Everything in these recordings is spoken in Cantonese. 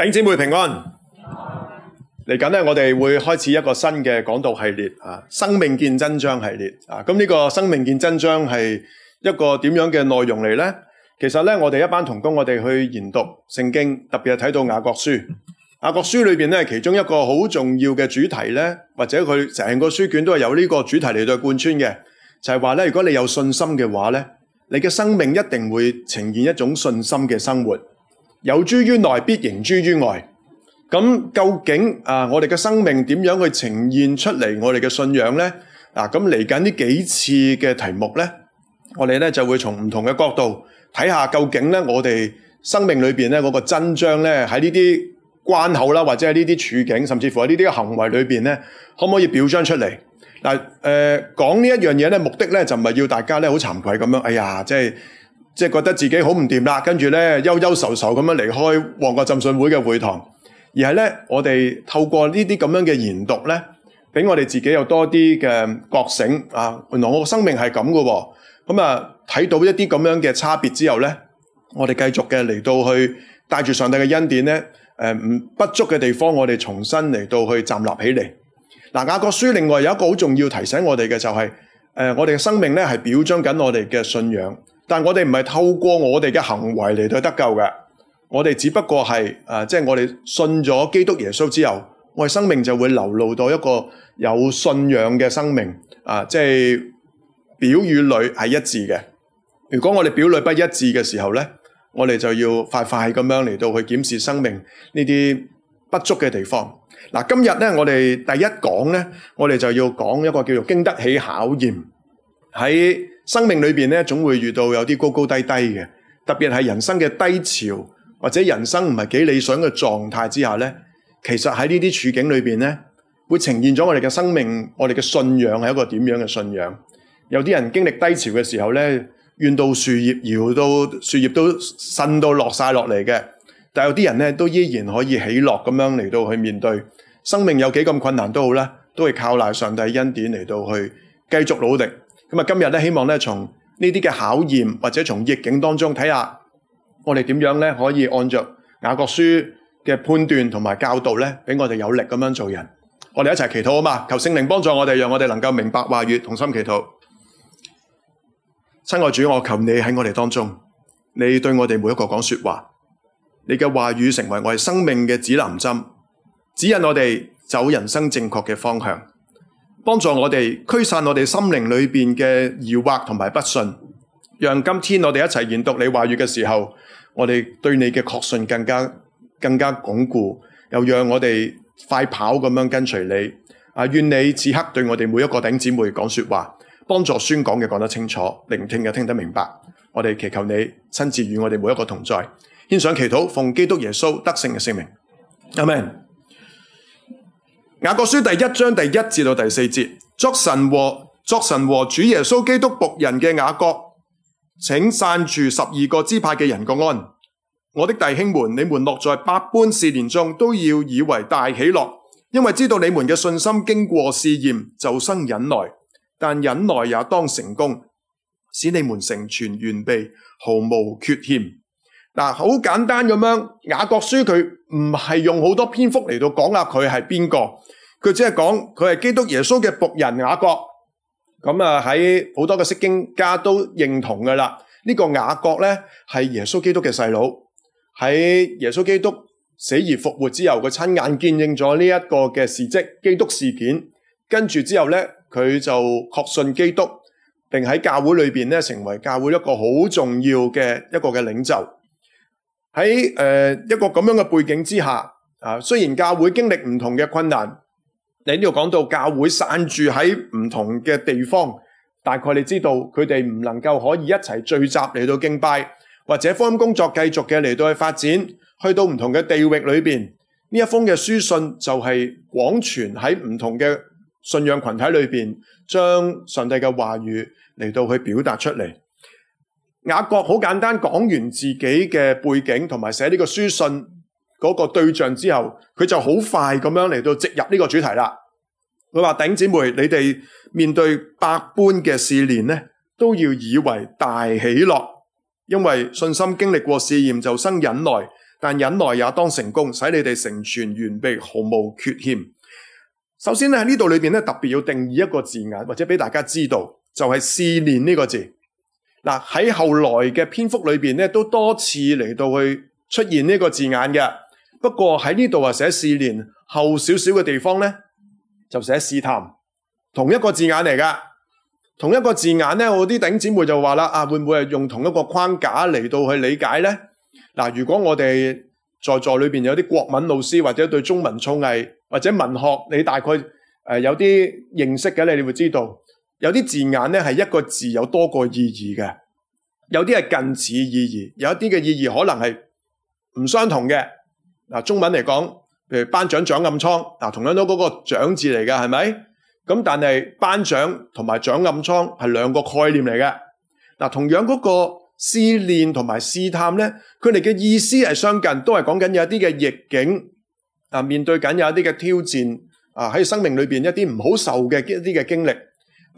弟兄姊妹平安，嚟緊咧，我哋會開始一個新嘅講道系列啊，生命見真章系列啊。咁呢個生命見真章係一個點樣嘅內容嚟呢？其實呢，我哋一班同工，我哋去研讀聖經，特別係睇到雅各書。雅各書裏面呢，其中一個好重要嘅主題呢，或者佢成個書卷都係由呢個主題嚟到貫穿嘅，就係話呢：如果你有信心嘅話呢，你嘅生命一定會呈現一種信心嘅生活。有諸於內，必形諸於外。咁究竟啊，我哋嘅生命點樣去呈現出嚟？我哋嘅信仰咧，嗱，咁嚟緊呢幾次嘅題目呢，我哋咧就會從唔同嘅角度睇下究竟咧，我哋生命裏面咧嗰、那個真章呢喺呢啲關口啦，或者喺呢啲處境，甚至乎喺呢啲行為裏面呢，可唔可以表彰出嚟？嗱、啊、誒、呃，講一呢一樣嘢目的呢，就唔係要大家咧好慚愧咁樣，哎呀，即、就、係、是。即係覺得自己好唔掂啦，跟住咧憂憂愁愁咁樣離開旺角浸信會嘅會堂，而係咧我哋透過呢啲咁樣嘅研讀咧，俾我哋自己有多啲嘅覺醒啊，原來我嘅生命係咁嘅喎。咁啊睇到一啲咁樣嘅差別之後咧，我哋繼續嘅嚟到去帶住上帝嘅恩典咧，誒、呃、唔不足嘅地方，我哋重新嚟到去站立起嚟。嗱、啊，雅各書另外有一個好重要提醒我哋嘅就係、是、誒、呃、我哋嘅生命咧係表彰緊我哋嘅信仰。但我哋唔係透過我哋嘅行為嚟到得救嘅，我哋只不過係誒，即係我哋信咗基督耶穌之後，我哋生命就會流露到一個有信仰嘅生命，啊，即係表與裏係一致嘅。如果我哋表裏不一致嘅時候咧，我哋就要快快咁樣嚟到去檢視生命呢啲不足嘅地方。嗱，今日咧我哋第一講咧，我哋就要講一個叫做經得起考驗喺。生命裏面咧，總會遇到有啲高高低低嘅，特別係人生嘅低潮或者人生唔係幾理想嘅狀態之下呢。其實喺呢啲處境裏面呢，會呈現咗我哋嘅生命，我哋嘅信仰係一個點樣嘅信仰？有啲人經歷低潮嘅時候呢，怨到樹葉搖到樹葉都滲到落晒落嚟嘅，但有啲人呢，都依然可以起落咁樣嚟到去面對。生命有幾咁困難都好啦，都係靠賴上帝恩典嚟到去繼續努力。咁啊！今日咧，希望咧，從呢啲嘅考驗或者從逆境當中睇下，看看我哋點樣可以按照雅各書嘅判斷同埋教導咧，俾我哋有力咁樣做人。我哋一齊祈禱啊嘛！求聖靈幫助我哋，讓我哋能夠明白話語，同心祈禱。親愛的主，我求你喺我哋當中，你對我哋每一個講說話，你嘅話語成為我哋生命嘅指南針，指引我哋走人生正確嘅方向。幫助我哋驅散我哋心靈裏面嘅疑惑同埋不信，讓今天我哋一齊研讀你的話語嘅時候，我哋對你嘅確信更加更加鞏固，又讓我哋快跑咁樣跟隨你。啊，願你此刻對我哋每一個頂姊妹講說話，幫助宣講嘅講得清楚，聆聽嘅聽得明白。我哋祈求你親自與我哋每一個同在，獻上祈禱，奉基督耶穌得勝嘅聖名。阿門。雅各書第一章第一至到第四節，作神和作神和主耶穌基督僕人嘅雅各，請散住十二個支派嘅人個安。我的弟兄們，你們落在百般試煉中，都要以為大喜樂，因為知道你們嘅信心經過試驗，就生忍耐。但忍耐也當成功，使你們成全完備，毫無缺欠。嗱，好簡單咁樣，雅各書佢唔係用好多篇幅嚟到講下，佢係邊個？佢只係講佢係基督耶穌嘅僕人雅各。咁啊，喺好多嘅釋經家都認同嘅啦。呢、這個雅各咧係耶穌基督嘅細佬，喺耶穌基督死而復活之後佢親眼見證咗呢一個嘅事蹟、基督事件。跟住之後咧，佢就確信基督，並喺教會裏邊咧成為教會一個好重要嘅一個嘅領袖。喺誒、呃、一個咁樣嘅背景之下，啊雖然教會經歷唔同嘅困難，你呢度講到教會散住喺唔同嘅地方，大概你知道佢哋唔能夠可以一齊聚集嚟到敬拜，或者方工作繼續嘅嚟到去發展，去到唔同嘅地域裏邊，呢一封嘅書信就係廣傳喺唔同嘅信仰群體裏邊，將上帝嘅話語嚟到去表達出嚟。雅各好簡單講完自己嘅背景同埋寫呢個書信嗰個對象之後，佢就好快咁樣嚟到直入呢個主題啦。佢話頂姐妹，你哋面對百般嘅試煉咧，都要以為大喜樂，因為信心經歷過試驗就生忍耐，但忍耐也當成功，使你哋成全完備，毫無缺陷。首先咧，喺呢度裏邊咧，特別要定義一個字眼，或者俾大家知道，就係、是、試煉呢個字。嗱喺、啊、後來嘅篇幅裏面都多次嚟到去出現呢個字眼嘅。不過喺呢度啊，寫試煉後少少嘅地方呢，就寫試探，同一個字眼嚟㗎。同一個字眼呢，我啲頂姐妹就話啦：「啊會唔會係用同一個框架嚟到去理解呢？啊」嗱，如果我哋在座，座裏面有啲國文老師或者對中文造詣，或者文學，你大概、呃、有啲認識嘅你會知道。有啲字眼咧係一個字有多個意義嘅，有啲係近似意義，有一啲嘅意義可能係唔相同嘅。中文嚟講，譬如班長長暗瘡，同樣都嗰個長字嚟嘅，係咪？咁但係班長同埋長暗瘡係兩個概念嚟嘅。嗱，同樣嗰個試煉同埋試探呢，佢哋嘅意思係相近，都係講緊有一啲嘅逆境啊，面對緊有一啲嘅挑戰啊，喺生命裏邊一啲唔好受嘅一啲嘅經歷。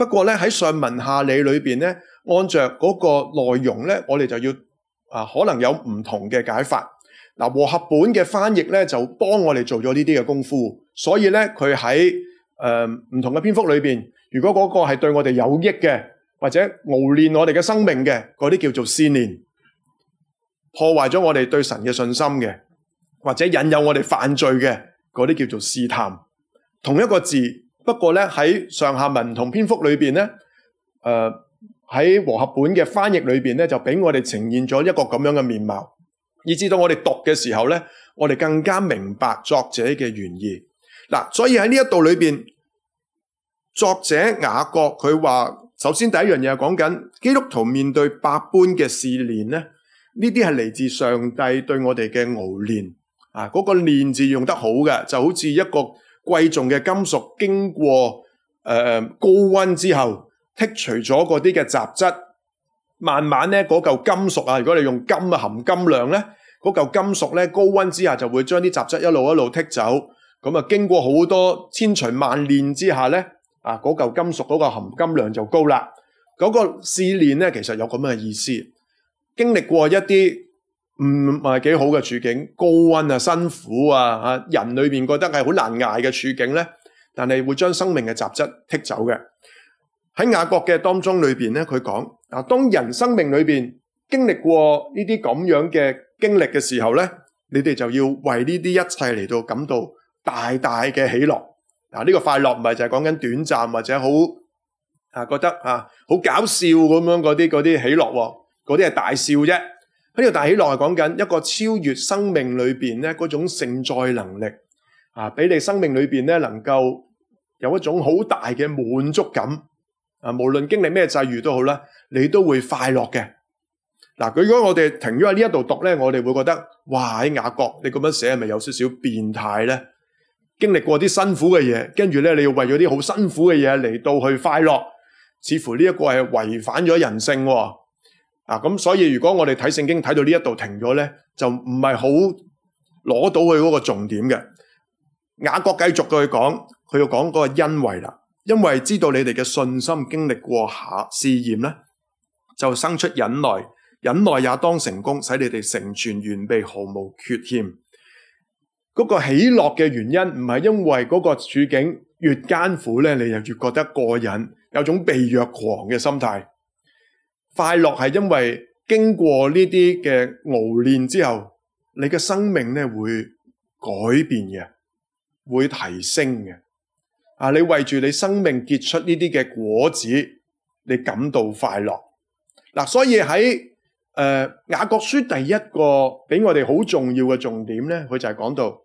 不過咧喺上文下理裏邊咧，按照嗰個內容咧，我哋就要啊可能有唔同嘅解法。嗱，和合本嘅翻譯咧就幫我哋做咗呢啲嘅功夫，所以咧佢喺誒唔同嘅篇幅裏邊，如果嗰個係對我哋有益嘅，或者磨練我哋嘅生命嘅嗰啲叫做試煉，破壞咗我哋對神嘅信心嘅，或者引誘我哋犯罪嘅嗰啲叫做試探，同一個字。不過呢，喺上下文同篇幅裏邊呢，誒、呃、喺和合本嘅翻譯裏邊呢，就俾我哋呈現咗一個咁樣嘅面貌，以至到我哋讀嘅時候呢，我哋更加明白作者嘅原意。嗱、啊，所以喺呢一度裏邊，作者雅各佢話，首先第一樣嘢講緊基督徒面對百般嘅試煉呢，呢啲係嚟自上帝對我哋嘅熬煉啊，嗰、那個煉字用得好嘅，就好似一個。貴重嘅金屬經過誒、呃、高溫之後剔除咗嗰啲嘅雜質，慢慢咧嗰嚿金屬啊，如果你用金啊含金量咧，嗰嚿金屬咧高溫之下就會將啲雜質一路一路剔走。咁啊經過好多千錘萬煉之下咧啊嗰嚿金屬嗰個含金量就高啦，嗰、嗰個試煉咧其實有咁嘅意思，經歷過一啲唔係幾好嘅處境，高温啊，辛苦啊，人裏面覺得係好難捱嘅處境呢。但係會將生命嘅雜質剔走嘅。喺雅各嘅當中裏面呢，佢講啊，當人生命裏面經歷過呢啲咁樣嘅經歷嘅時候呢，你哋就要為呢啲一切嚟到感到大大嘅喜樂。嗱、啊，呢、這個快樂唔係就係講緊短暫或者好啊覺得啊好搞笑咁樣嗰啲嗰啲喜樂，啊，嗰啲係大笑啫。呢個大喜樂係講緊一個超越生命裏面咧嗰種承載能力，啊，俾你生命裏面呢能夠有一種好大嘅滿足感，啊，無論經歷咩際遇都好啦，你都會快樂嘅。嗱、啊，如果我哋停咗喺呢度讀咧，我哋會覺得，哇喺雅各，你咁樣寫係咪有少少變態呢？經歷過啲辛苦嘅嘢，跟住咧你要為咗啲好辛苦嘅嘢嚟到去快樂，似乎呢一個係違反咗人性。嗱，咁、啊、所以如果我哋睇聖經睇到呢一度停咗咧，就唔係好攞到佢嗰個重點嘅。雅各繼續對佢講，佢要講嗰個因為啦，因為知道你哋嘅信心經歷過下試驗咧，就生出忍耐，忍耐也當成功，使你哋成全完備，毫無缺欠。嗰、那個喜樂嘅原因唔係因為嗰個處境越艱苦咧，你就越覺得過癮，有種被虐狂嘅心態。快樂係因為經過呢啲嘅熬練之後，你嘅生命咧會改變嘅，會提升嘅。啊，你為住你生命結出呢啲嘅果子，你感到快樂。嗱、啊，所以喺誒、呃、雅各書第一個俾我哋好重要嘅重點咧，佢就係講到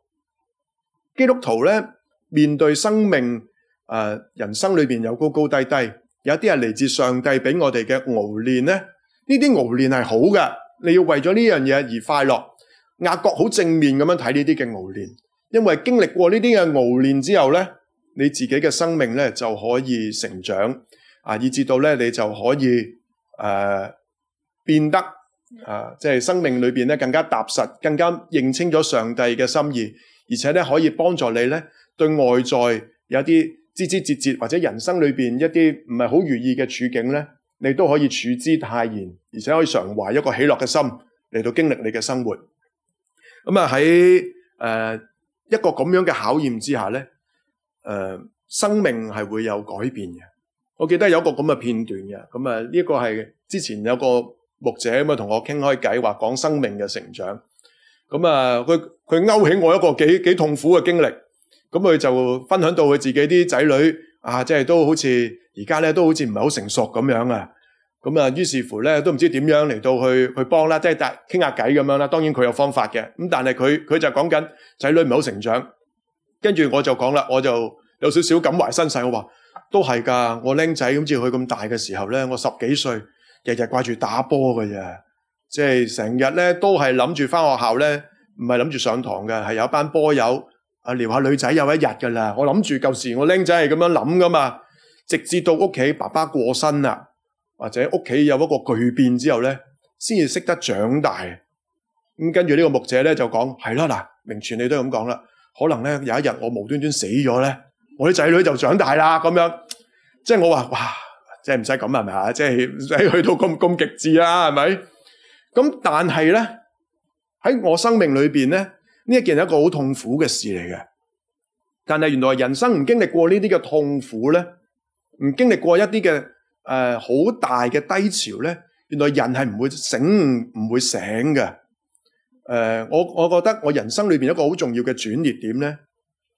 基督徒咧面對生命誒、呃、人生裏邊有高高低低。有啲係嚟自上帝俾我哋嘅熬煉咧，呢啲熬煉係好嘅，你要為咗呢樣嘢而快樂，雅各好正面咁樣睇呢啲嘅熬煉，因為經歷過呢啲嘅熬煉之後呢，你自己嘅生命呢就可以成長啊，以至到呢，你就可以誒、呃、變得啊、呃，即係生命裡面咧更加踏實，更加認清咗上帝嘅心意，而且呢，可以幫助你呢對外在有啲。枝枝節節或者人生裏邊一啲唔係好如意嘅處境呢，你都可以處之泰然，而且可以常懷一個喜樂嘅心嚟到經歷你嘅生活。咁啊喺誒一個咁樣嘅考驗之下咧、呃，生命係會有改變嘅。我記得有一個咁嘅片段嘅，咁啊呢個係之前有個牧者咁同我傾開計話講生命嘅成長。咁啊佢佢勾起我一個幾痛苦嘅經歷。咁佢就分享到佢自己啲仔女啊，即係都好似而家咧都好似唔係好成熟咁樣啊。咁啊，於是乎咧都唔知點樣嚟到去去幫啦，即係傾下偈咁樣啦。當然佢有方法嘅，咁但係佢就講緊仔女唔好成長。跟住我就講啦，我就有少少感懷身世。我話都係㗎，我僆仔咁似佢咁大嘅時候咧，我十幾歲，日日掛住打波㗎啫，即係成日咧都係諗住返學校咧，唔係諗住上堂嘅，係有一班波友。啊，聊下女仔有一日噶啦，我諗住舊時我僆仔係咁樣諗噶嘛，直至到屋企爸爸過身啦，或者屋企有一個巨變之後咧，先至識得長大。咁跟住呢個牧者咧就講：係啦，嗱，明泉你都係咁講啦，可能咧有一日我無端端死咗咧，我啲仔女就長大啦，咁樣。即係我話哇，即係唔使咁係咪啊？即係唔使去到咁咁極致啊？係咪？咁但係咧喺我生命裏邊咧。呢一件係一個好痛苦嘅事嚟嘅，但係原來人生唔經歷過呢啲嘅痛苦呢，唔經歷過一啲嘅誒好大嘅低潮呢，原來人係唔會醒，唔會醒嘅。呃，我我覺得我人生裏面一個好重要嘅轉折點呢，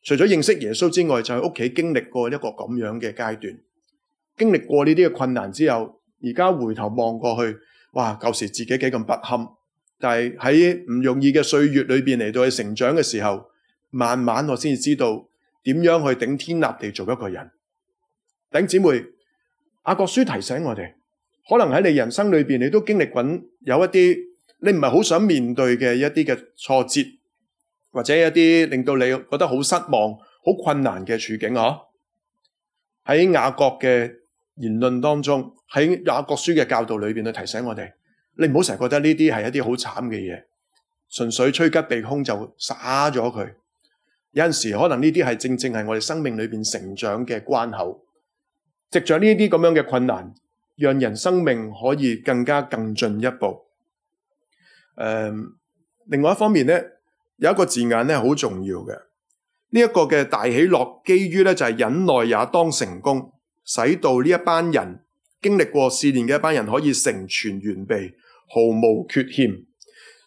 除咗認識耶穌之外，就係屋企經歷過一個咁樣嘅階段，經歷過呢啲嘅困難之後，而家回頭望過去，哇，舊時自己幾咁不堪。但係喺唔容易嘅歲月裏面嚟到去成長嘅時候，慢慢我先知道點樣去頂天立地做一個人。頂姊妹，雅各書提醒我哋，可能喺你人生裏面，你都經歷緊有一啲你唔係好想面對嘅一啲嘅挫折，或者一啲令到你覺得好失望、好困難嘅處境。嗬、啊，喺雅各嘅言論當中，喺雅各書嘅教導裏面，去提醒我哋。你唔好成日覺得呢啲係一啲好慘嘅嘢，純粹趨吉避凶就灑咗佢。有陣時候可能呢啲係正正係我哋生命裏邊成長嘅關口，藉着呢一啲咁樣嘅困難，讓人生命可以更加更進一步。誒、嗯，另外一方面咧，有一個字眼係好重要嘅，呢、這、一個嘅大喜樂」基於咧就係忍耐也當成功，使到呢一班人經歷過試煉嘅一班人可以成全完備。毫無缺欠，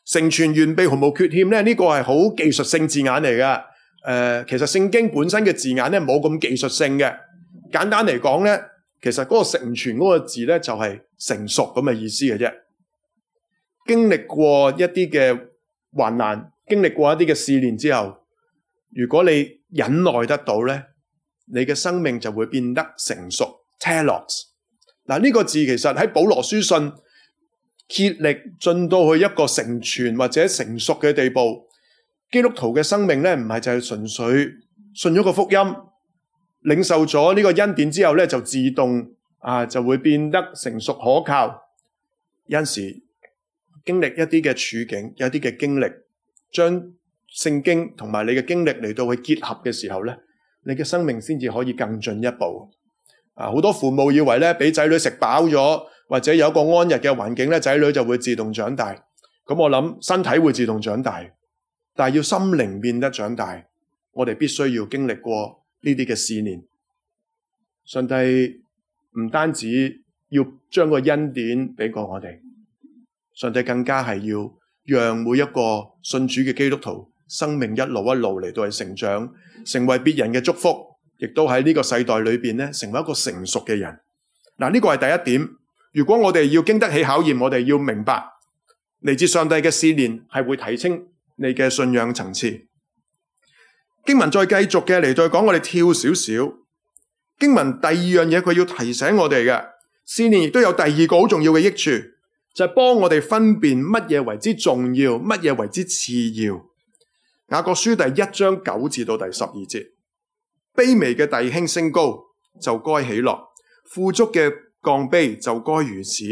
成全完備毫無缺欠咧？呢、這個係好技術性字眼嚟噶。誒、呃，其實聖經本身嘅字眼咧冇咁技術性嘅。簡單嚟講咧，其實嗰個成全嗰個字咧就係、是、成熟咁嘅意思嘅啫。經歷過一啲嘅患難，經歷過一啲嘅試煉之後，如果你忍耐得到咧，你嘅生命就會變得成熟。telos，嗱呢、這個字其實喺保羅書信。竭力進到去一個成全或者成熟嘅地步，基督徒嘅生命呢，唔係淨係純粹信咗個福音，領受咗呢個恩典之後呢，就自動啊就會變得成熟可靠。有時經歷一啲嘅處境，有一啲嘅經歷，將聖經同埋你嘅經歷嚟到去結合嘅時候呢，你嘅生命先至可以更進一步。啊，好多父母以為呢，俾仔女食飽咗。或者有一個安逸嘅環境呢，仔女就會自動長大。咁我諗身體會自動長大，但係要心靈變得長大，我哋必須要經歷過呢啲嘅試煉。上帝唔單止要將個恩典俾過我哋，上帝更加係要讓每一個信主嘅基督徒生命一路一路嚟到係成長，成為別人嘅祝福，亦都喺呢個世代裏面成為一個成熟嘅人。嗱、這、呢個係第一點。如果我哋要經得起考驗，我哋要明白嚟自上帝嘅試煉係會提升你嘅信仰層次。經文再繼續嘅嚟再講，我哋跳少少。經文第二樣嘢，佢要提醒我哋嘅試煉，亦都有第二個好重要嘅益處，就係、是、幫我哋分辨乜嘢為之重要，乜嘢為之次要。雅各書第一章九至到第十二節，卑微嘅弟兄升高就該喜樂，富足嘅。降卑就該如此，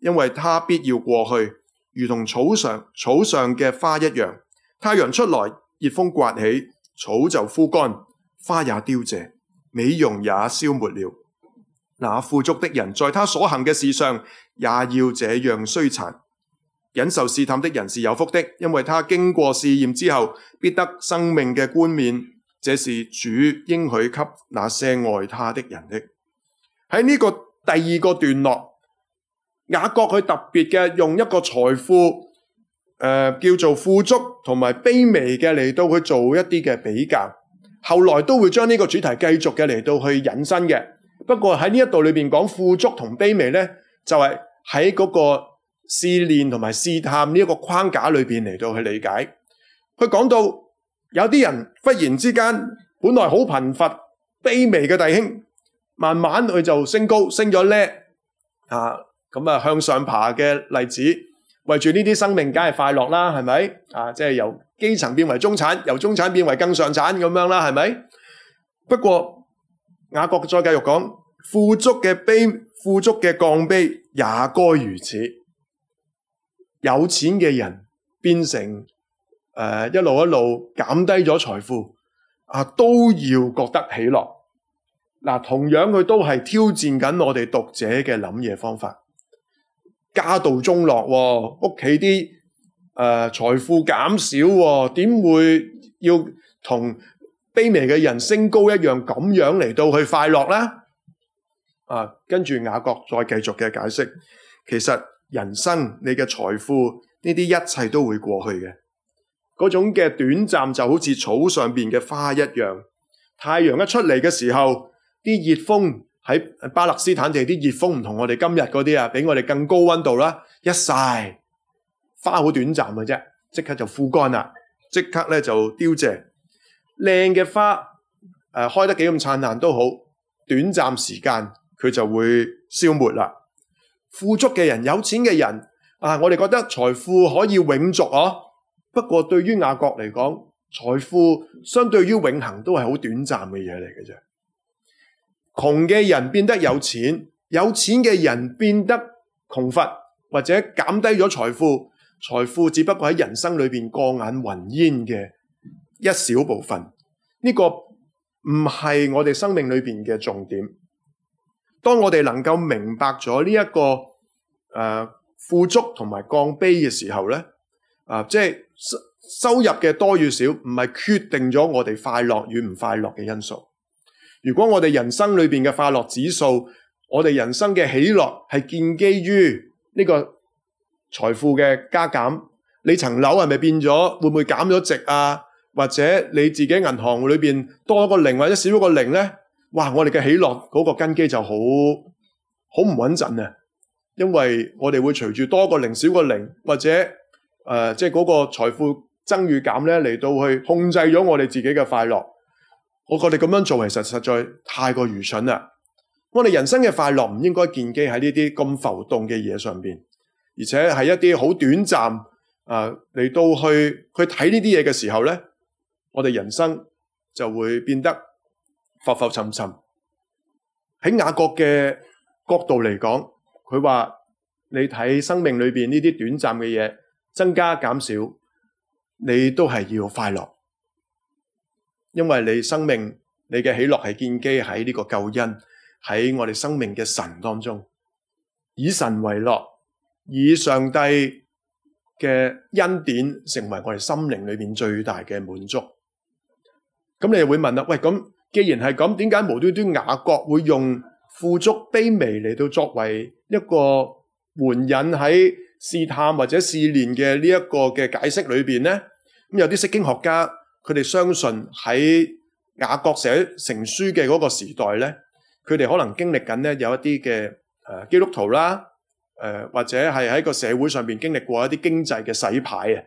因為他必要過去，如同草上草上嘅花一樣。太陽出來，熱風颳起，草就枯乾，花也凋謝，美容也消沒了。那富足的人在他所行嘅事上也要這樣衰殘。忍受試探的人是有福的，因為他經過試驗之後，必得生命嘅冠冕。這是主應許給那些愛他的人的。喺呢、呢個。第二個段落，雅各佢特別嘅用一個財富誒、呃、叫做富足同埋卑微嘅，嚟到去做一啲嘅比較，後來都會將呢個主題繼續嘅嚟到去引申嘅。不過喺呢一度裏邊講富足同卑微咧，就係喺嗰個試煉同埋試探呢一個框架裏邊嚟到去理解。佢講到有啲人忽然之間本來好貧乏卑微嘅弟兄。慢慢佢就升高，升咗咧，啊，咁啊向上爬嘅例子，為住呢啲生命，梗係快樂啦，係咪？啊，即係由基層變為中產，由中產變為更上產咁樣啦，係咪？不過雅各再繼續講，富足嘅卑，富足嘅降卑，也該如此。有錢嘅人變成誒、呃、一路一路減低咗財富，啊都要覺得喜樂。嗱，同樣佢都係挑戰緊我哋讀者嘅諗嘢方法。家道中落，屋企啲誒財富減少，點會要同卑微嘅人升高一樣咁樣嚟到去快樂呢？啊，跟住雅各再繼續嘅解釋，其實人生你嘅財富呢啲一切都會過去嘅，嗰種嘅短暫就好似草上面嘅花一樣。太陽一出嚟嘅時候。啲熱風喺巴勒斯坦地，啲熱風唔同我哋今日嗰啲啊，比我哋更高温度啦，一曬花好短暫嘅啫，即刻就枯乾啦，即刻咧就凋謝。靚嘅花誒、呃、開得幾咁燦爛都好，短暫時間佢就會消沒啦。富足嘅人、有錢嘅人啊，我哋覺得財富可以永續嗬、哦，不過對於亞國嚟講，財富相對於永恆都係好短暫嘅嘢嚟嘅啫。窮嘅人變得有錢，有錢嘅人變得窮乏或者減低咗財富。財富只不過喺人生裏面過眼雲煙嘅一小部分。呢、這個唔係我哋生命裏面嘅重點。當我哋能夠明白咗呢一個富、呃、足同埋降卑嘅時候呢啊、呃，即係收入嘅多與少唔係決定咗我哋快樂與唔快樂嘅因素。如果我哋人生裏面嘅快樂指數，我哋人生嘅喜樂係建基於呢個財富嘅加減，你層樓係咪變咗，會唔會減咗值啊？或者你自己銀行裏面多一個零或者少一個零呢？哇！我哋嘅喜樂嗰個根基就好好唔穩陣啊！因為我哋會隨住多一個零少一個零，或者誒，即係嗰個財富增與減呢，嚟到去控制咗我哋自己嘅快樂。我覺得你咁樣做，其實實在太過愚蠢啦！我哋人生嘅快樂唔應該建基喺呢啲咁浮動嘅嘢上面，而且係一啲好短暫啊嚟，呃、到去去睇呢啲嘢嘅時候呢，我哋人生就會變得浮浮沉沉。喺雅各嘅角度嚟講，佢話你睇生命裏面呢啲短暫嘅嘢，增加減少，你都係要快樂。因為你生命你嘅喜樂係建基喺呢個救恩，喺我哋生命嘅神當中，以神為樂，以上帝嘅恩典成為我哋心靈裏面最大嘅滿足。咁你就會問啦，喂，咁既然係咁，點解無端端雅各會用富足卑微嚟到，作為一個援引喺試探或者試煉嘅呢一個嘅解釋裏面呢？咁有啲釋經學家。佢哋相信喺雅各寫成書嘅嗰個時代呢，佢哋可能經歷緊有一啲嘅、呃、基督徒啦，呃、或者係喺個社會上面經歷過一啲經濟嘅洗牌啊！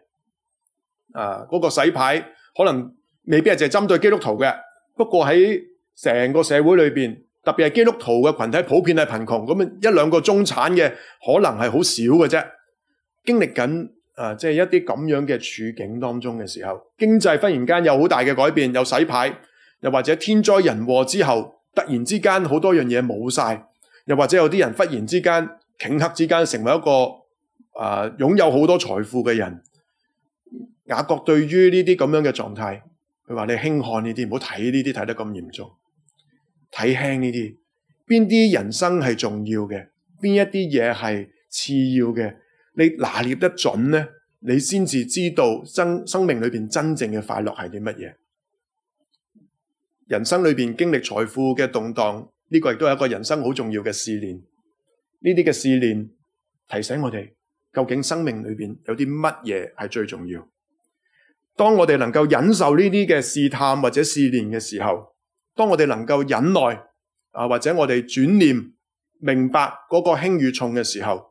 啊、呃，嗰、嗰個洗牌可能未必係淨係針對基督徒嘅，不過喺成個社會裏面，特別係基督徒嘅群體普遍係貧窮，咁一兩個中產嘅可能係好少嘅啫，經歷緊。啊，即係一啲咁樣嘅處境當中嘅時候，經濟忽然間有好大嘅改變，有洗牌，又或者天災人禍之後，突然之間好多樣嘢冇晒，又或者有啲人忽然之間頃刻之間成為一個啊擁有好多財富嘅人，雅各對於呢啲咁樣嘅狀態，佢話你輕看呢啲，唔好睇呢啲睇得咁嚴重，睇輕呢啲，邊啲人生係重要嘅，邊一啲嘢係次要嘅。你拿捏得準呢？你先至知道生生命裏邊真正嘅快樂係啲乜嘢。人生裏邊經歷財富嘅動盪，呢個亦都係一個人生好重要嘅試煉。呢啲嘅試煉提醒我哋，究竟生命裏邊有啲乜嘢係最重要。當我哋能夠忍受呢啲嘅試探或者試煉嘅時候，當我哋能夠忍耐啊，或者我哋轉念明白嗰個輕與重嘅時候。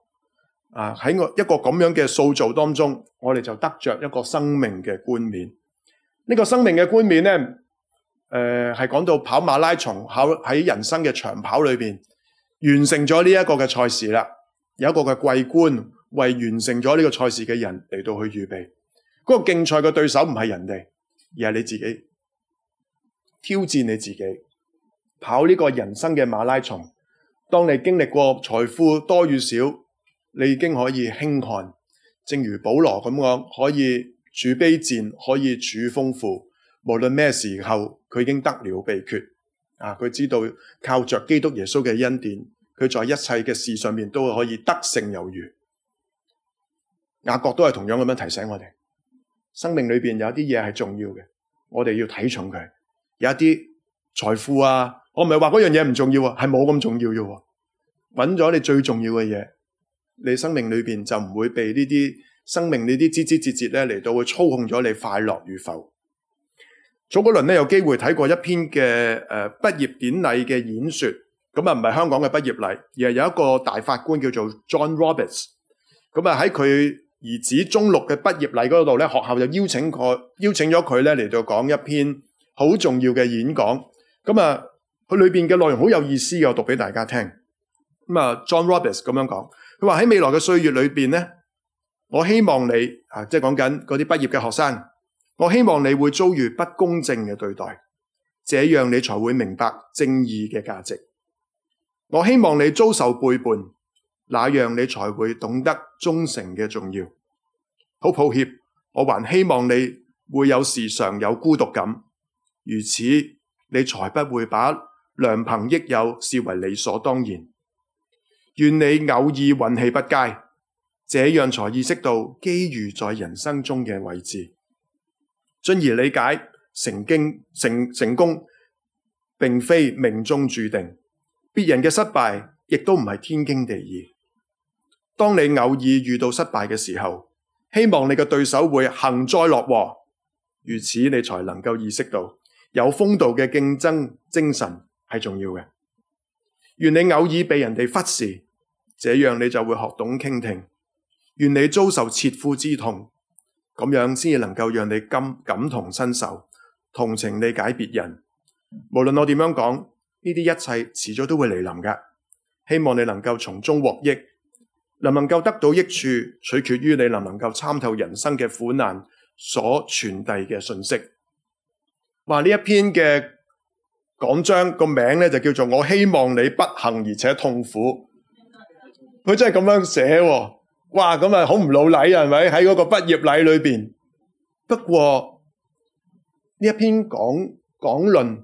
啊！喺我一個咁樣嘅塑造當中，我哋就得着一個生命嘅冠冕。呢、這個生命嘅冠冕咧，誒係講到跑馬拉松，跑喺人生嘅長跑裏面完成咗呢一個嘅賽事啦。有一個嘅桂冠為完成咗呢個賽事嘅人嚟到去預備。嗰、那個競賽嘅對手唔係人哋，而係你自己，挑戰你自己，跑呢個人生嘅馬拉松。當你經歷過財富多與少。你已經可以興漢，正如保羅咁講，可以處卑賤，可以處豐富，無論咩時候，佢已經得了秘訣。啊，佢知道靠着基督耶穌嘅恩典，佢在一切嘅事上面都可以得勝有餘。雅各都係同樣咁樣提醒我哋，生命裏面有啲嘢係重要嘅，我哋要睇重佢。有一啲財富啊，我唔係話嗰樣嘢唔重要啊，係冇咁重要嘅。揾咗你最重要嘅嘢。你生命裏邊就唔會被呢啲生命截截截，呢啲枝枝節節咧嚟到會操控咗你快樂與否。早嗰輪咧有機會睇過一篇嘅誒、呃、畢業典禮嘅演說，咁啊唔係香港嘅畢業禮，而係有一個大法官叫做 John Roberts，咁啊喺佢兒子中六嘅畢業禮嗰度咧，學校就邀請個邀請咗佢咧嚟到講一篇好重要嘅演講，咁啊佢裏邊嘅內容好有意思嘅，我讀俾大家聽。咁啊 John Roberts 咁樣講。佢話喺未來嘅歲月裏面咧，我希望你啊，即係講緊嗰啲畢業嘅學生，我希望你會遭遇不公正嘅對待，這樣你才會明白正義嘅價值。我希望你遭受背叛，那樣你才會懂得忠誠嘅重要。好抱歉，我還希望你會有時常有孤獨感，如此你才不會把良朋益友視為理所當然。願你偶爾運氣不佳，這樣才意識到機遇在人生中嘅位置，進而理解成經成成功並非命中注定，別人嘅失敗亦都唔係天經地義。當你偶爾遇到失敗嘅時候，希望你嘅對手會幸災樂禍，如此你才能夠意識到有風度嘅競爭精神係重要嘅。願你偶爾被人哋忽視。這樣你就會學懂傾聽，願你遭受切膚之痛，咁樣先至能夠讓你感同身受、同情理解別人。無論我點樣講，呢啲一切遲早都會來臨嘅。希望你能夠從中獲益，能能夠得到益處，取決於你能能夠參透人生嘅苦難所傳遞嘅信息。話呢一篇嘅講章個名咧就叫做《我希望你不幸而且痛苦》。佢真係咁樣寫，哇！咁啊，好唔老禮啊，係咪？喺嗰個畢業禮裏面。不過呢一篇講講論，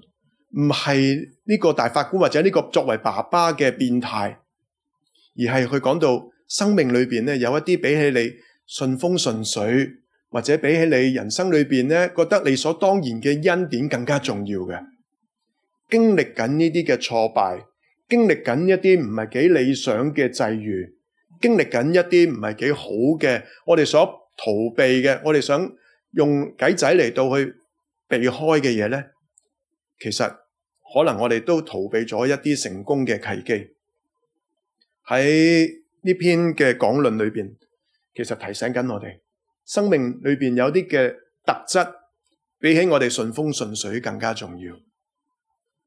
唔係呢個大法官或者呢個作為爸爸嘅變態，而係佢講到生命裏面有一啲比起你順風順水，或者比起你人生裏面咧，覺得理所當然嘅恩典更加重要嘅，經歷緊呢啲嘅挫敗。經歷緊一啲唔係幾理想嘅際遇，經歷緊一啲唔係幾好嘅，我哋所逃避嘅，我哋想用計仔嚟到去避開嘅嘢咧，其實可能我哋都逃避咗一啲成功嘅契機。喺呢篇嘅講論裏面，其實提醒緊我哋，生命裏面有啲嘅特質，比起我哋順風順水更加重要。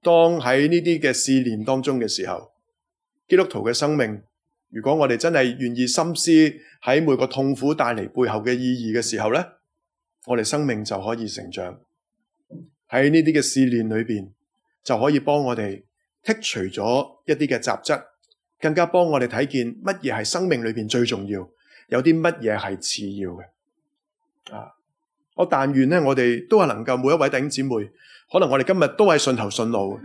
當喺呢啲嘅試煉當中嘅時候，基督徒嘅生命，如果我哋真係願意深思喺每個痛苦帶嚟背後嘅意義嘅時候呢，我哋生命就可以成長。喺呢啲嘅試煉裏邊，就可以幫我哋剔除咗一啲嘅雜質，更加幫我哋睇見乜嘢係生命裏邊最重要，有啲乜嘢係次要嘅啊。我但願呢，我哋都係能夠每一位弟兄姊妹，可能我哋今日都係順頭順路嘅，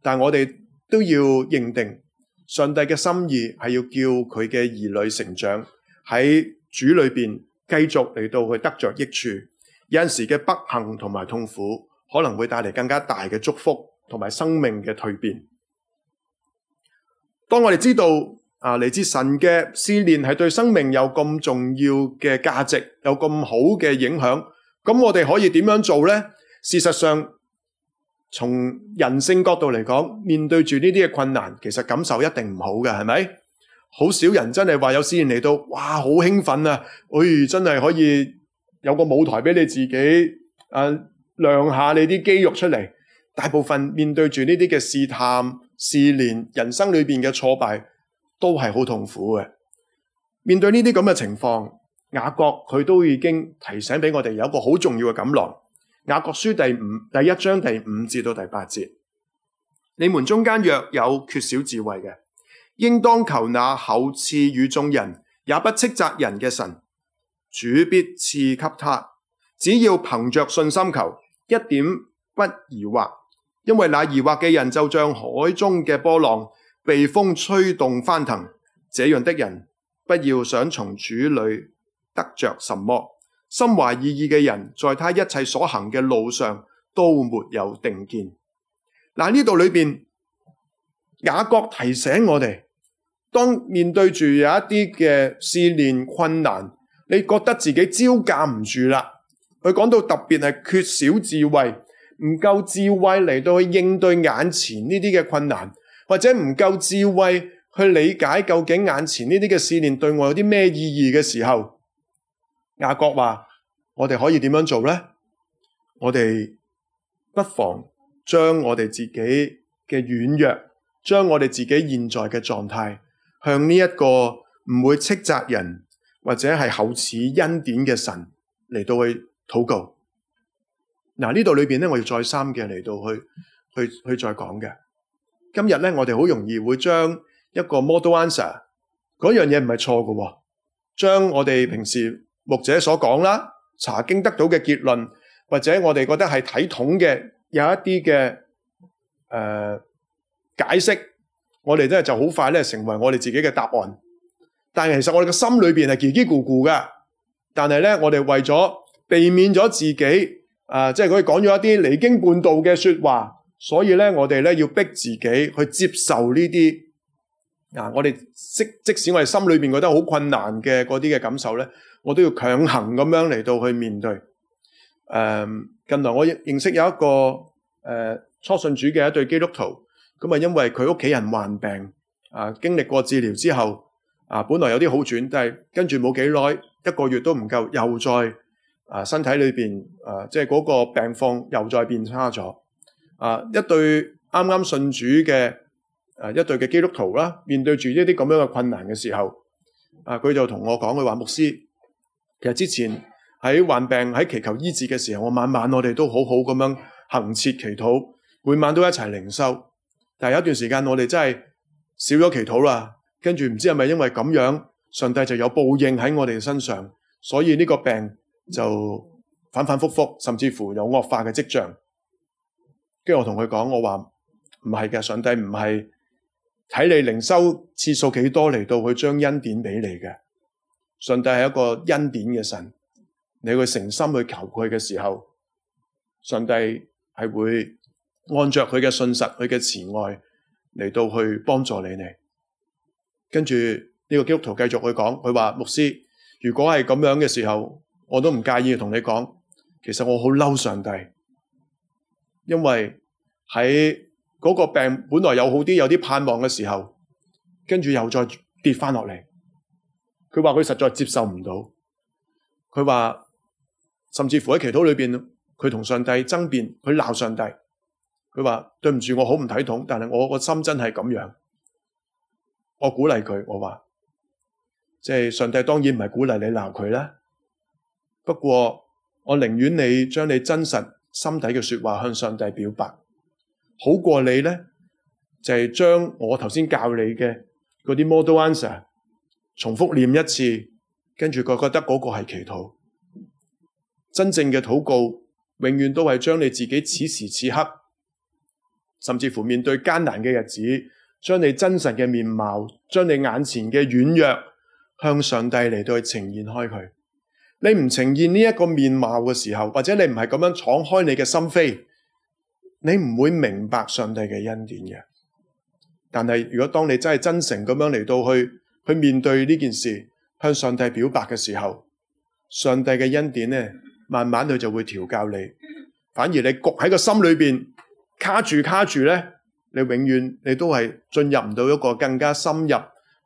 但我哋都要認定上帝嘅心意係要叫佢嘅兒女成長喺主裏邊，繼續嚟到去得着益處。有陣時嘅不幸同埋痛苦，可能會帶嚟更加大嘅祝福同埋生命嘅蛻變。當我哋知道啊，嚟自神嘅試煉係對生命有咁重要嘅價值，有咁好嘅影響。咁我哋可以點樣做呢？事實上，從人性角度嚟講，面對住呢啲嘅困難，其實感受一定唔好嘅，係咪？好少人真係話有試驗嚟到，哇！好興奮啊！哎，真係可以有個舞台俾你自己啊，亮下你啲肌肉出嚟。大部分面對住呢啲嘅試探、試煉、人生裏面嘅挫敗，都係好痛苦嘅。面對呢啲咁嘅情況。雅各佢都已經提醒俾我哋有一個好重要嘅感悟。雅各書第五第一章第五至到第八節，你們中間若有缺少智慧嘅，應當求那厚賜與眾人，也不斥責人嘅神，主必賜給他。只要憑着信心求，一點不疑惑，因為那疑惑嘅人就像海中嘅波浪，被風吹動翻騰。這樣的人，不要想從主裏。得着什麼？心懷二意嘅人，在他一切所行嘅路上都沒有定見。嗱呢度裏邊，雅各提醒我哋，當面對住有一啲嘅試煉困難，你覺得自己招架唔住啦。佢講到特別係缺少智慧，唔夠智慧嚟到去應對眼前呢啲嘅困難，或者唔夠智慧去理解究竟眼前呢啲嘅試煉對我有啲咩意義嘅時候。雅各話：我哋可以點樣做咧？我哋不妨將我哋自己嘅軟弱，將我哋自己現在嘅狀態，向呢一個唔會斥責人或者係厚賜恩典嘅神嚟到去禱告。嗱、啊，面呢度裏邊咧，我要再三嘅嚟到去去去再講嘅。今日咧，我哋好容易會將一個 model answer 嗰樣嘢唔係錯嘅，將我哋平時。牧者所講啦，查經得到嘅結論，或者我哋覺得係體統嘅有一啲嘅誒解釋，我哋真係就好快成為我哋自己嘅答案。但係其實我哋嘅心裏面係攢攢顧顧嘅，但係呢，我哋為咗避免咗自己，啊，即係佢講咗一啲離經叛道嘅説話，所以呢，我哋呢要逼自己去接受呢啲。嗱、啊，我哋即，即使我哋心裏邊覺得好困難嘅嗰啲嘅感受呢，我都要強行咁樣嚟到去面對。誒、嗯，近來我認識有一個誒、呃、初信主嘅一對基督徒，咁啊，因為佢屋企人患病，啊，經歷過治療之後，啊，本來有啲好轉，但係跟住冇幾耐，一個月都唔夠，又再啊身體裏邊啊，即係嗰個病況又再變差咗。啊，一對啱啱信主嘅。誒一對嘅基督徒啦，面對住呢啲咁樣嘅困難嘅時候，啊，佢就同我講：佢話牧師，其實之前喺患病喺祈求醫治嘅時候，我晚晚我哋都好好咁樣恆切祈禱，每晚都一齊靈修。但係有一段時間我哋真係少咗祈禱啦，跟住唔知係咪因為咁樣，上帝就有報應喺我哋身上，所以呢個病就反反覆覆，甚至乎有惡化嘅跡象。跟住我同佢講：我話唔係嘅，上帝唔係。睇你靈修次數幾多嚟到去將恩典俾你嘅，上帝係一個恩典嘅神，你會誠心去求佢嘅時候，上帝係會按著佢嘅信實、佢嘅慈愛嚟到去幫助你哋。跟住呢個基督徒繼續去講，佢話牧師，如果係咁樣嘅時候，我都唔介意同你講，其實我好嬲上帝，因為喺。嗰個病本來有好啲，有啲盼望嘅時候，跟住又再跌翻落嚟。佢話佢實在接受唔到。佢話甚至乎喺祈禱裏邊，佢同上帝爭辯，佢鬧上帝。佢話對唔住，我好唔體統，但係我個心真係咁樣。我鼓勵佢，我話即係上帝當然唔係鼓勵你鬧佢啦。不過我寧願你將你真實心底嘅說話向上帝表白。好過你呢，就係、是、將我頭先教你嘅嗰啲 model answer 重複念一次，跟住佢覺得嗰個係祈禱。真正嘅禱告，永遠都係將你自己此時此刻，甚至乎面對艱難嘅日子，將你真實嘅面貌，將你眼前嘅軟弱，向上帝嚟到去呈現開佢。你唔呈現呢一個面貌嘅時候，或者你唔係咁樣敞開你嘅心扉，你唔會明白上帝嘅恩典嘅，但係如果當你真係真誠咁樣嚟到去去面對呢件事，向上帝表白嘅時候，上帝嘅恩典呢，慢慢佢就會調教你。反而你焗喺個心裏面，卡住卡住呢，你永遠你都係進入唔到一個更加深入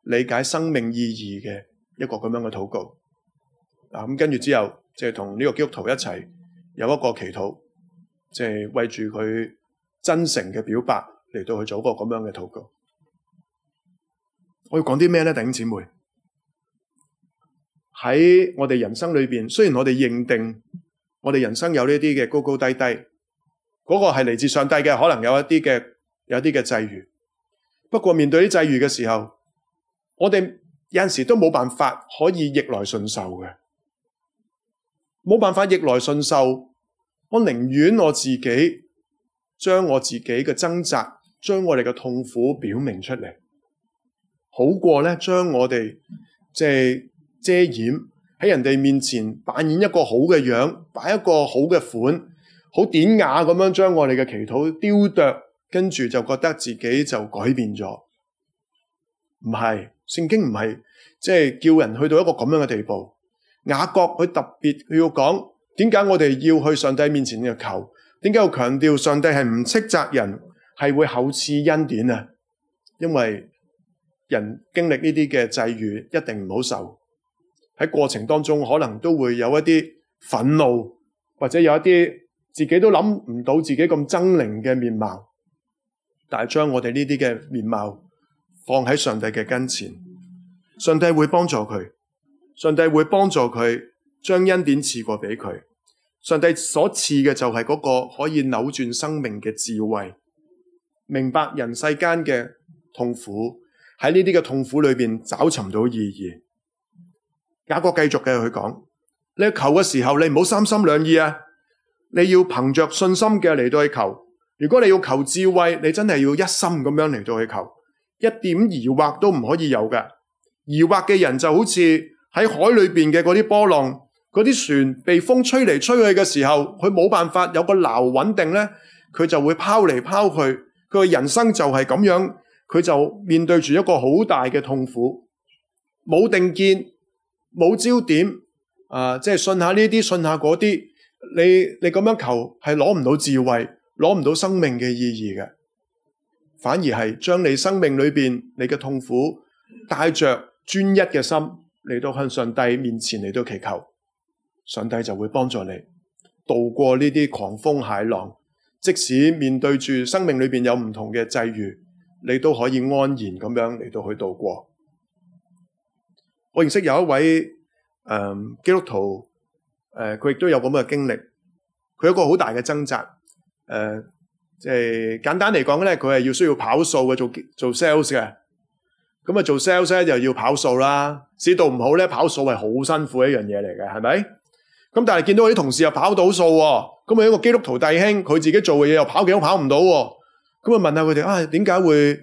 理解生命意義嘅一個咁樣嘅禱告。嗱、啊，跟住之後，就係同呢個基督徒一齊有一個祈禱。即係為住佢真誠嘅表白，嚟到去做一個咁樣嘅禱告。我要講啲咩咧，弟兄姊妹？喺我哋人生裏邊，雖然我哋認定我哋人生有呢啲嘅高高低低，嗰個係嚟自上帝嘅，可能有一啲嘅有一啲嘅際遇。不過面對啲際遇嘅時候，我哋有陣時都冇辦法可以逆來順受嘅，冇辦法逆來順受。我寧願我自己將我自己嘅掙扎，將我哋嘅痛苦表明出嚟，好過咧將我哋、即係、遮掩喺人哋面前扮演一個好嘅樣，擺一個好嘅款，好典雅咁樣將我哋嘅祈禱雕琢，跟住就覺得自己就改變咗。唔係，聖經唔係即係叫人去到一個咁樣嘅地步。雅各佢特別佢要講。點解我哋要去上帝面前嘅求？點解要強調上帝係唔斥責人，係會厚賜恩典啊？因為人經歷呢啲嘅際遇一定唔好受，喺過程當中可能都會有一啲憤怒，或者有一啲自己都諗唔到自己咁猙獰嘅面貌。但係將我哋呢啲嘅面貌放喺上帝嘅跟前，上帝會幫助佢，上帝會幫助佢。將恩典賜過俾佢，上帝所賜嘅就係嗰個可以扭轉生命嘅智慧，明白人世間嘅痛苦，喺呢啲嘅痛苦裏面找尋到意義。雅各繼續嘅去講，你求嘅時候，你唔好三心兩意啊！你要憑着信心嘅嚟到去求。如果你要求智慧，你真係要一心咁樣嚟到去求，一點疑惑都唔可以有嘅。疑惑嘅人就好似喺海裏面嘅嗰啲波浪，嗰啲船被風吹嚟吹去嘅時候，佢冇辦法有個牢穩定咧，佢就會拋嚟拋去。佢嘅人生就係咁樣，佢就面對住一個好大嘅痛苦，冇定見，冇焦點，啊，即係信下呢啲，信下嗰啲，你你咁樣求係攞唔到智慧，攞唔到生命嘅意義嘅，反而係將你生命裏邊你嘅痛苦，帶着專一嘅心嚟到向上帝面前嚟到祈求。上帝就會幫助你渡過呢啲狂風駭浪，即使面對住生命裏邊有唔同嘅際遇，你都可以安然咁樣嚟到去度過。我認識有一位誒、呃、基督徒，誒佢亦都有咁嘅經歷，佢有一個好大嘅掙扎，誒即係簡單嚟講咧，佢係要需要跑數嘅做做 sales 嘅，咁啊做 sales 咧又要跑數啦，市道唔好咧，跑數係好辛苦一樣嘢嚟嘅，係咪？咁但係見到我啲同事又跑到數，咁啊一個基督徒弟兄佢自己做嘅嘢又跑幾多跑唔到，咁啊問下佢哋啊點解會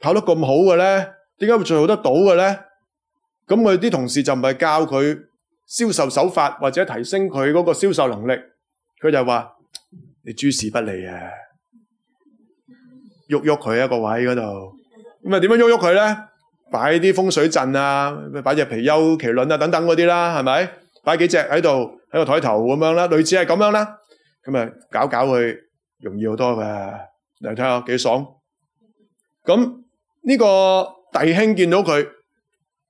跑得咁好嘅咧？點解會做得到嘅咧？咁佢啲同事就唔係教佢銷售手法或者提升佢嗰個銷售能力，佢就話你諸事不利啊，喐喐佢一個位嗰度，咁啊點樣喐喐佢咧？擺啲風水陣啊，擺隻貔貅麒麟啊等等嗰啲啦，係咪？擺幾隻喺度喺個台頭咁樣啦，類似係咁樣啦，咁啊搞搞佢容易好多噶，你睇下幾爽。咁呢個弟兄見到佢，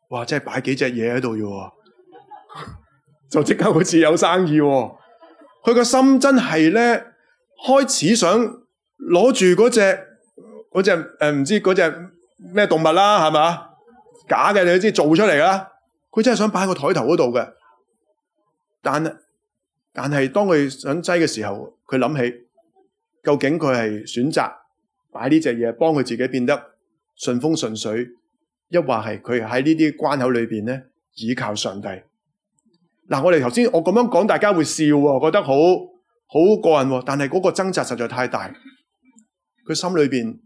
哇！真係擺幾隻嘢喺度嘅， 就即刻好似有生意。佢個心真係咧，開始想攞住嗰隻嗰隻誒唔知嗰隻咩動物啦，係咪假嘅，你都知道做出嚟啦。佢真係想擺喺個台頭嗰度嘅。但係，但係，當佢想擠嘅時候，佢諗起究竟佢係選擇擺呢隻嘢幫佢自己變得順風順水，抑或係佢喺呢啲關口裏邊咧倚靠上帝。嗱、啊，我哋頭先我咁樣講，大家會笑、喎，覺得好好過癮、喎。但係嗰個掙扎實在太大，佢心裏邊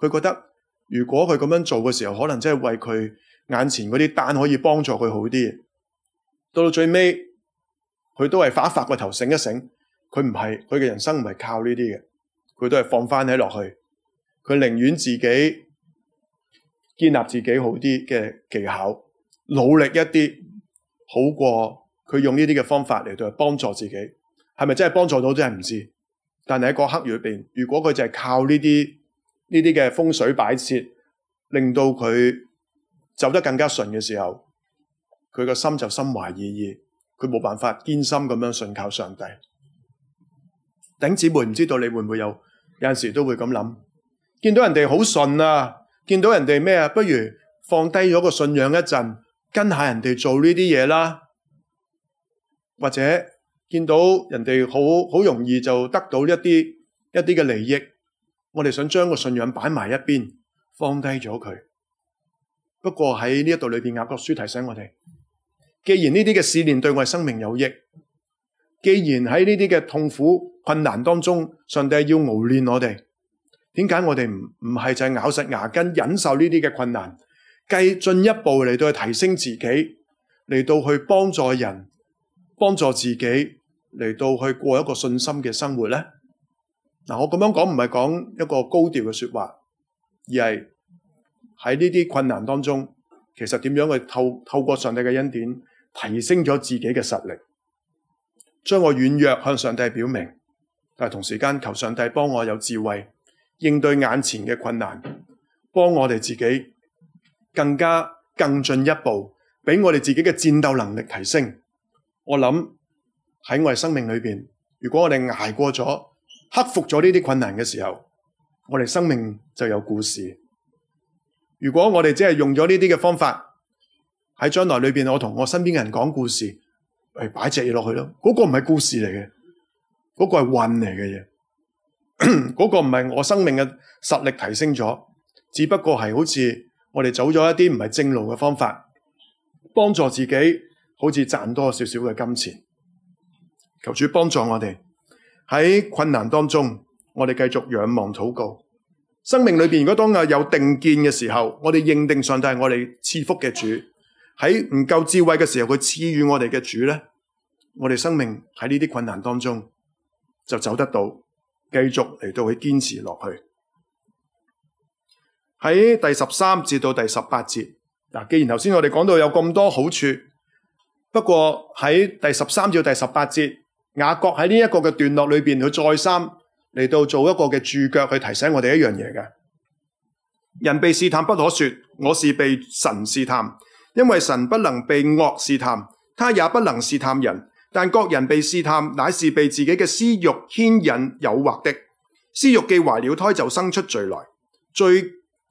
佢覺得，如果佢咁樣做嘅時候，可能真係為佢眼前嗰啲單可以幫助佢好啲。到到最尾。佢都係發一發個頭，醒一醒。佢唔係，佢嘅人生唔係靠呢啲嘅。佢都係放翻喺落去。佢寧願自己建立自己好啲嘅技巧，努力一啲，好過佢用呢啲嘅方法嚟到幫助自己。係咪真係幫助到，真係唔知。但係喺個黑獄入邊，如果佢就係靠呢啲呢啲嘅風水擺設，令到佢走得更加順嘅時候，佢個心就心懷二意。佢冇辦法堅心咁樣信靠上帝。頂姊妹唔知道你會唔會有有陣時都會咁諗，見到人哋好順啊，見到人哋咩啊？不如放低咗個信仰一陣，跟下人哋做呢啲嘢啦，或者見到人哋好好容易就得到一啲一啲嘅利益，我哋想將個信仰擺埋一邊，放低咗佢。不過喺呢一度裏邊，雅各書提醒我哋。既然呢啲嘅試煉對我哋生命有益，既然喺呢啲嘅痛苦困難當中，上帝要熬煉我哋，點解我哋唔唔係就係咬實牙根忍受呢啲嘅困難，繼進一步嚟到去提升自己，嚟到去幫助人，幫助自己，嚟到去過一個信心嘅生活咧？嗱、啊，我咁樣講唔係講一個高調嘅說話，而係喺呢啲困難當中，其實點樣去透透過上帝嘅恩典？提升咗自己嘅實力，將我軟弱向上帝表明，但同時間求上帝幫我有智慧應對眼前嘅困難，幫我哋自己更加更進一步，俾我哋自己嘅戰鬥能力提升。我諗喺我哋生命裏面，如果我哋捱過咗、克服咗呢啲困難嘅時候，我哋生命就有故事。如果我哋只係用咗呢啲嘅方法。喺將來裏面，我同我身邊嘅人講故事，誒，擺隻嘢落去咯。嗰個唔係故事嚟嘅，嗰、那個係運嚟嘅嘢。嗰、 那個唔係我生命嘅實力提升咗，只不過係好似我哋走咗一啲唔係正路嘅方法，幫助自己好似賺多少少嘅金錢。求主幫助我哋喺困難當中，我哋繼續仰望禱告。生命裏面，如果當有定見嘅時候，我哋認定上帝係我哋賜福嘅主。喺唔夠智慧嘅時候，佢賜予我哋嘅主咧，我哋生命喺呢啲困難當中就走得到，繼續嚟到去堅持落去。喺第十三至到第十八節，嗱，既然頭先我哋講到有咁多好處，不過喺第十三至第十八節，雅各喺呢一個嘅段落裏邊，佢再三嚟到做一個嘅注腳，去提醒我哋一樣嘢嘅。人被試探不可說，我是被神試探。因為神不能被惡試探，他也不能試探人。但各人被試探，乃是被自己嘅私欲牽引誘惑的。私欲既懷了胎，就生出罪來；罪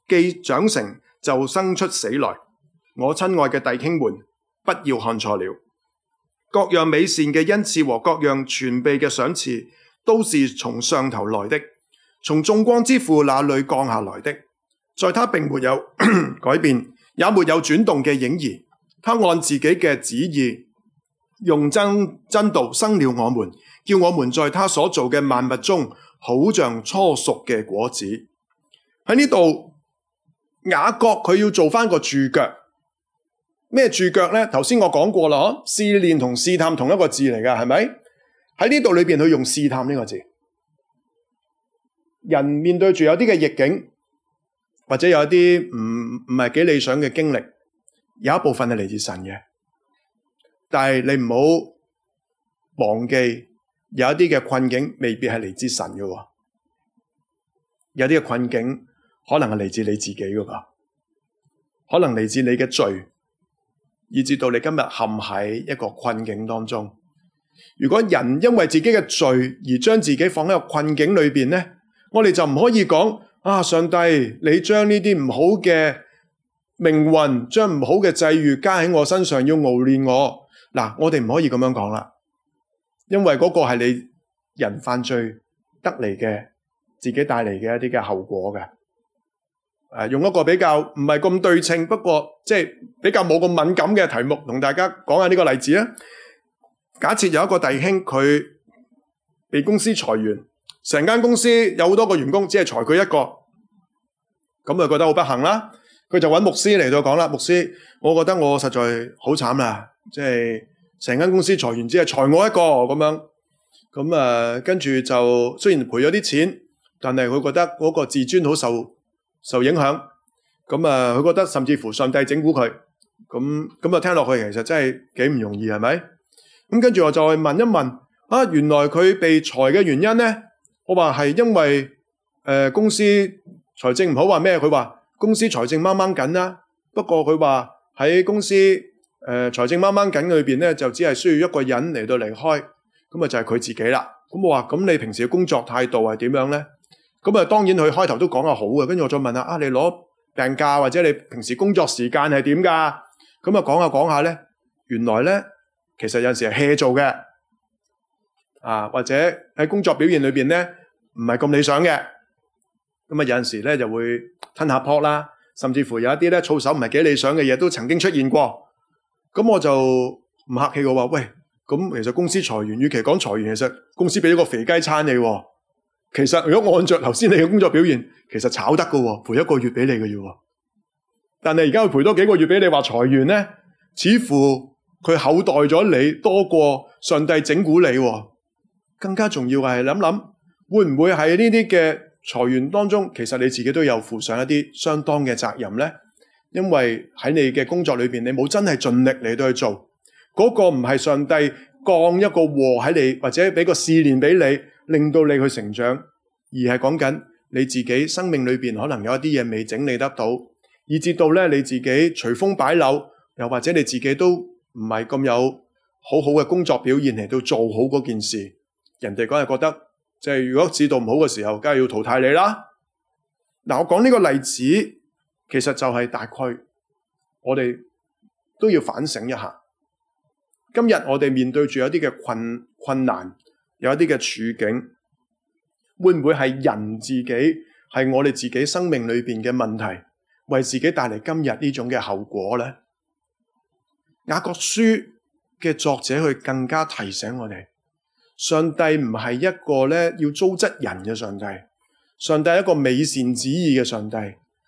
既長成，就生出死來。我親愛嘅弟兄們，不要看錯了。各樣美善嘅恩賜和各樣全備嘅賞賜，都是從上頭來的，從眾光之父那裏降下來的。在他並沒有 改變。也沒有轉動嘅影兒，他按自己嘅旨意，用真真道生了我們，叫我們在他所做嘅萬物中，好像初熟嘅果子。喺呢度，雅各佢要做返個註腳，咩註腳呢？頭先我講過啦，試煉同試探同一個字嚟㗎，係咪？喺呢度裏面，佢用試探呢個字。人面對住有啲嘅逆境。或者有一啲唔唔係幾理想嘅經歷，有一部分係嚟自神嘅，但係你唔好忘記有一啲嘅困境未必係嚟自神嘅，有啲嘅困境可能係嚟自你自己嘅噃，可能嚟自你嘅罪，以至到你今日陷喺一個困境當中。如果人因為自己嘅罪而將自己放喺個困境裏邊呢，我哋就唔可以講。啊！上帝，你將呢啲唔好嘅命運，將唔好嘅際遇加喺我身上，要熬煉我。嗱，我哋唔可以咁樣講啦，因為嗰個係你人犯罪得嚟嘅，自己帶嚟嘅一啲嘅後果嘅。誒、啊，用一個比較唔係咁對稱，不過即係、就是、比較冇咁敏感嘅題目，同大家講下呢個例子啊。假設有一個弟兄，佢被公司裁員。成間公司有好多個員工，只係裁佢一個，咁啊，覺得好不幸啦。佢就揾牧師嚟到講啦。牧師，我覺得我實在好慘啦，即係成間公司裁員，只係裁我一個咁樣。咁啊，跟住就雖然賠咗啲錢，但係佢覺得嗰個自尊好受，受影響。咁啊，佢覺得甚至乎上帝整蠱佢。咁啊，聽落去其實真係幾唔容易，係咪？咁跟住我再去問一問啊，原來佢被裁嘅原因呢？我話係因為誒公司財政唔好話咩？佢話公司財政掹掹緊啦。不過佢話喺公司誒財政掹掹緊裏邊咧，就只係需要一個人嚟到離開，咁啊就係佢自己啦。咁我話，咁你平時嘅工作態度係點樣咧？咁啊當然佢開頭都講下好嘅，跟住我再問下啊，你攞病假或者你平時工作時間係點噶？咁啊講下講下咧，原來咧其實有陣時係 hea 做嘅。啊，或者喺工作表現裏邊咧，唔係咁理想嘅，咁、嗯、啊有陣時咧就會吞下泡啦，甚至乎有一啲咧操守唔係幾理想嘅嘢都曾經出現過。咁、嗯、我就唔客氣，我話喂，咁、嗯、其實公司裁員，與其講裁員，其實公司俾咗個肥雞餐你。其實如果按着頭先你嘅工作表現，其實炒得嘅喎，賠一個月俾你嘅啫。但係而家佢賠多幾個月俾你話裁員咧，似乎佢厚待咗你多過上帝整蠱你喎。更加重要嘅係諗諗，會唔會喺呢啲嘅裁員當中，其實你自己都有負上一啲相當嘅責任呢？因為喺你嘅工作裏面，你冇真係盡力嚟到去做，嗰、嗰個唔係上帝降一個禍喺你，或者俾個試煉俾你，令到你去成長，而係講緊你自己生命裏面可能有一啲嘢未整理得到，以至到咧你自己隨風擺柳，又或者你自己都唔係咁有好好嘅工作表現嚟到做好嗰件事。人哋講係覺得，就係、是、如果指導唔好嘅時候，梗係要淘汰你啦。嗱，我講呢個例子，其實就係大概我哋都要反省一下。今日我哋面對住一啲嘅困困難，有一啲嘅處境，會唔會係人自己係我哋自己生命裏邊嘅問題，為自己帶嚟今日呢種嘅後果咧？雅各書嘅作者去更加提醒我哋。上帝唔係一個要糟質人嘅上帝，上帝是一個美善旨意嘅上帝，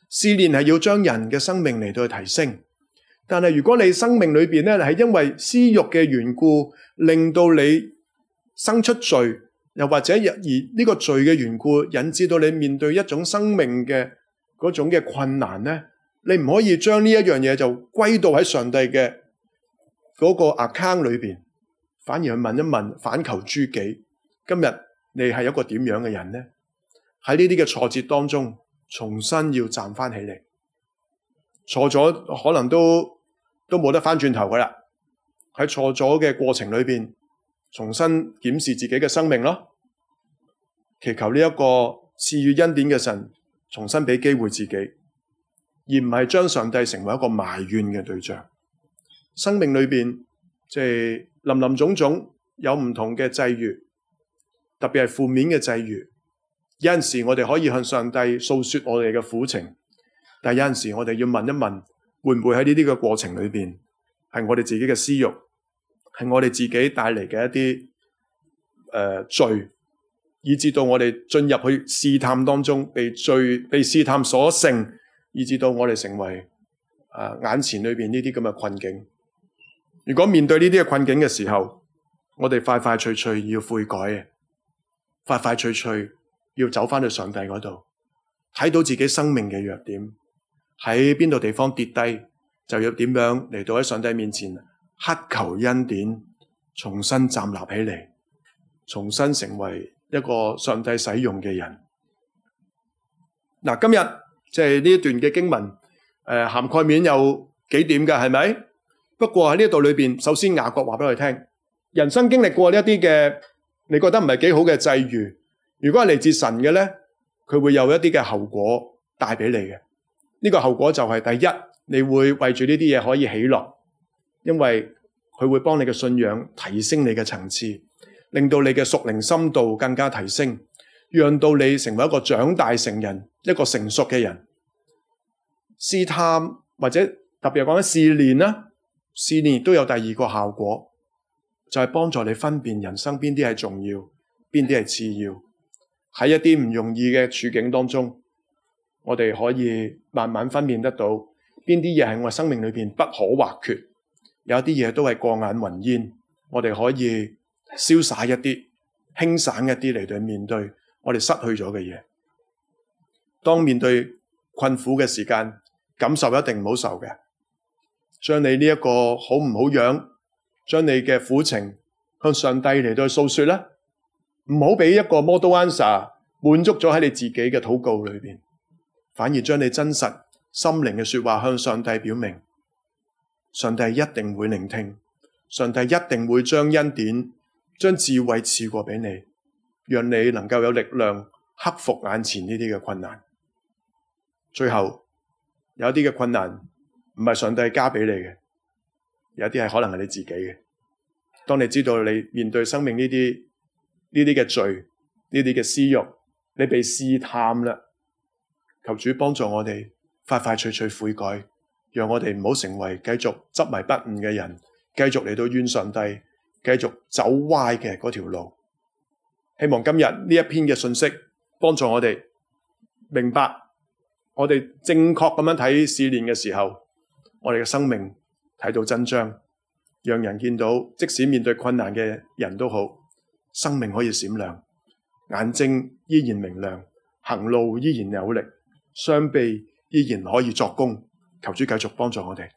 思念係要將人嘅生命嚟到提升。但係如果你生命裡面咧係因為私欲嘅緣故，令到你生出罪，又或者而呢個罪嘅緣故，引致到你面對一種生命嘅嗰種嘅困難呢？你唔可以將呢一樣嘢就歸到喺上帝嘅嗰個 account 裡邊。反而去問一問，反求諸己。今日你係一個點樣嘅人呢？喺呢啲嘅挫折當中，重新要站翻起嚟。錯咗可能都都冇得翻轉頭噶啦。喺錯咗嘅過程裏邊，重新檢視自己嘅生命咯。祈求呢一個賜予恩典嘅神，重新俾機會自己，而唔係將上帝成為一個埋怨嘅對象。生命裏邊即係。就是林林總總有唔同嘅際遇，特別係負面嘅際遇。有陣時我哋可以向上帝訴說我哋嘅苦情，但有陣時我哋要問一問，會唔會喺呢啲嘅過程裏面，係我哋自己嘅私欲，係我哋自己帶嚟嘅一啲誒、呃、罪，以致到我哋進入去試探當中，被罪被試探所勝，以致到我哋成為啊、呃、眼前裏面呢啲咁嘅困境。如果面對呢啲嘅困境嘅時候，我哋快快脆脆要悔改，快快脆脆要走翻去上帝嗰度，睇到自己生命嘅弱點，喺邊度地方跌低，就要點樣嚟到喺上帝面前乞求恩典，重新站立起嚟，重新成為一個上帝使用嘅人。嗱，今日即係呢一段嘅經文，誒、呃，涵蓋面有幾點嘅，係咪？不過喺呢度裏邊，首先雅各話俾我哋聽：人生經歷過呢一啲嘅、你覺得唔係幾好嘅際遇，如果係嚟自神嘅呢，佢會有一啲嘅後果帶俾你嘅。呢、這個後果就係第一，你會為住呢啲嘢，可以起落，因為佢會幫你嘅信仰提升你嘅層次，令到你嘅屬靈深度更加提升，讓到你成為一個長大成人、一個成熟嘅人。試探或者特別講緊試煉啦。試煉都有第二個效果，就係、是、幫助你分辨人生邊啲係重要，邊啲係次要。喺一啲唔容易嘅處境當中，我哋可以慢慢分辨得到邊啲嘢係我生命裏邊不可或缺，有啲嘢都係過眼雲煙。我哋可以瀟灑一啲，輕省一啲嚟到面對我哋失去咗嘅嘢。當面對困苦嘅時間，感受一定唔好受嘅。將你呢一個好唔好樣，將你嘅苦情向上帝嚟到訴說啦。唔好俾一個 model answer 滿足咗喺你自己嘅禱告裏邊，反而將你真實心靈嘅說話向上帝表明。上帝一定會聆聽，上帝一定會將恩典、將智慧賜過俾你，讓你能夠有力量克服眼前呢啲嘅困難。最後有啲嘅困難。唔係上帝加俾你嘅，有啲係可能係你自己嘅。當你知道你面對生命呢啲呢啲嘅罪、呢啲嘅私欲，你被試探啦。求主幫助我哋快快脆脆悔改，讓我哋唔好成為繼續執迷不悟嘅人，繼續嚟到怨上帝，繼續走歪嘅嗰條路。希望今日呢一篇嘅信息幫助我哋明白，我哋正確咁樣睇試煉嘅時候。我哋嘅生命睇到真章，讓人見到，即使面對困難嘅人都好，生命可以閃亮，眼睛依然明亮，行路依然有力，雙臂依然可以作工。求主繼續幫助我哋。